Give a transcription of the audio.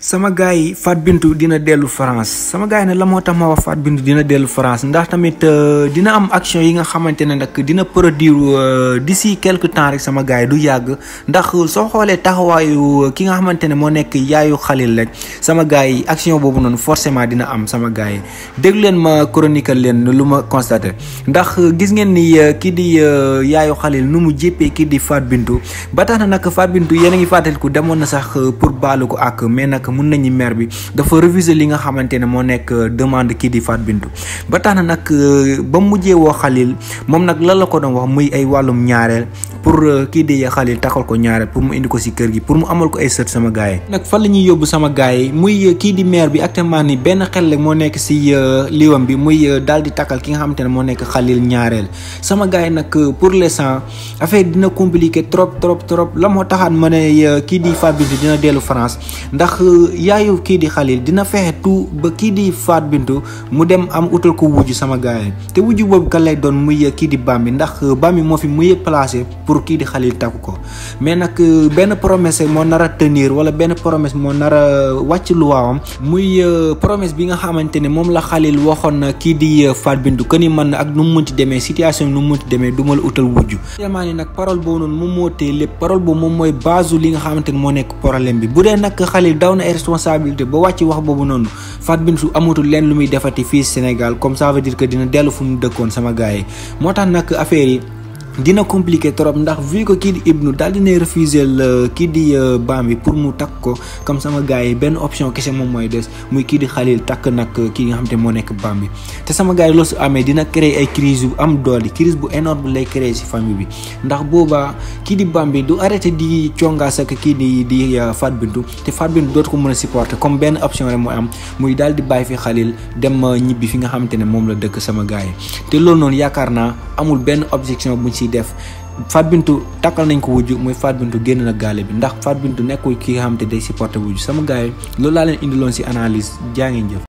sama gars yi Fatou Bintou dina dellu France sama gars yi la moo tax ma wax Fatou Bintou dina dellu France ndax tamit euh, dina am action yi nga xamante ne nag dina euh, di si quelque temps rek sama gars yi du yàgg ndax soo xoolee taxawaayu euh, ki nga xamante ne moo nekk yaayu xalil rek sama gars yi action boobu noonu forcément dina am sama gars yi déglu leen ma chronique leen lu ma constaté ndax gis ngeen ni kii di yaayu xalil nu mu jéppee kii di Fatou Bintou ba tax na yéen a ngi fàttaliku demoon na sax pour baalu daanaka mun nañu maire bi dafa refuser li nga xamante ne moo nekk euh, demande kii di Fatou bindu ba tax na nag euh, ba mu mujjee woo Khalil moom nag lan la ko doon wax muy ay wàllum ñaareel pour euh, kii di ya Khalil takal ko ñaareel pour mu indi ko si kër gi pour mu amal ko ay sama gaay nak fa la ñuy bu sama gaay muy euh, kii di maire bi actuellement ni benn xel rek moo nekk si euh, liwam bi muy dal di takal ki nga xamante ne moo nekk xalil ñaareel sama gaay nak pour l'instant affaire dina ke trop trop trop lam moo taxaat kidi ne di faat bintu dina dellu france ndax yaayu kii di xalil dina fexe tout ba kii di faat bintu mu dem am utal ko wujju sama gaay te wujju boobu kan lay doon muy kii di bambi ndax bambi mo fi muy placé pour pour kii di Khalil takku ko mais nag euh, benn promesse moo nar a tenir wala benn promesse moo nara a wàcc luwaawam muy euh, promesse bi nga xamante ne moom la Khalil waxoon na kii di euh, Fat Bintou que ni man ak nu mu munti demee situation bi mu demee du ma la utal wujj. vraiment ni nag parole boobu noonu moom moo téye lépp parole boobu moom mooy base li nga xamante ne moo nekk problème bi bu dee nag Khalil daw na responsabilité ba wàcc wax boobu noonu Fat Bintou amatul leen lu muy defati fii Sénégal comme ça veut que dina dellu fu mu dëkkoon sama gars moo tax nag dina compliqué trop ndax vu que kii di Ibnu daal dinay refusé la kii di euh, baam bi pour mu takk ko comme sama gars yi benn option kese moom mooy des muy kii di Xalil takk nag euh, kii nga xam te moo nekk baam bi te sama gars yi loolu su amee ay crise am doole crise bu énorme lay créer si famille bi ndax boobaa kii di baam bi du arrêté di congaas ak kii di di euh, Fat Bintou te Fat Bintou dootu ko mën a comme benn option rek mooy am muy daal di bàyyi fi Xalil dem ñibbi fi nga xamante ne moom la dëkk sama gars yi te loolu noonu yaakaar naa amul benn objection buñ si def Fatou Bintou takkal nañ ko wujju muy Fatou Bintou génn na gaale bi ndax Fatou Bintou nekkul ki nga xam te day si supporté wujju sama gars yi loolu laa leen indiloon si analise jaa ngeen jëf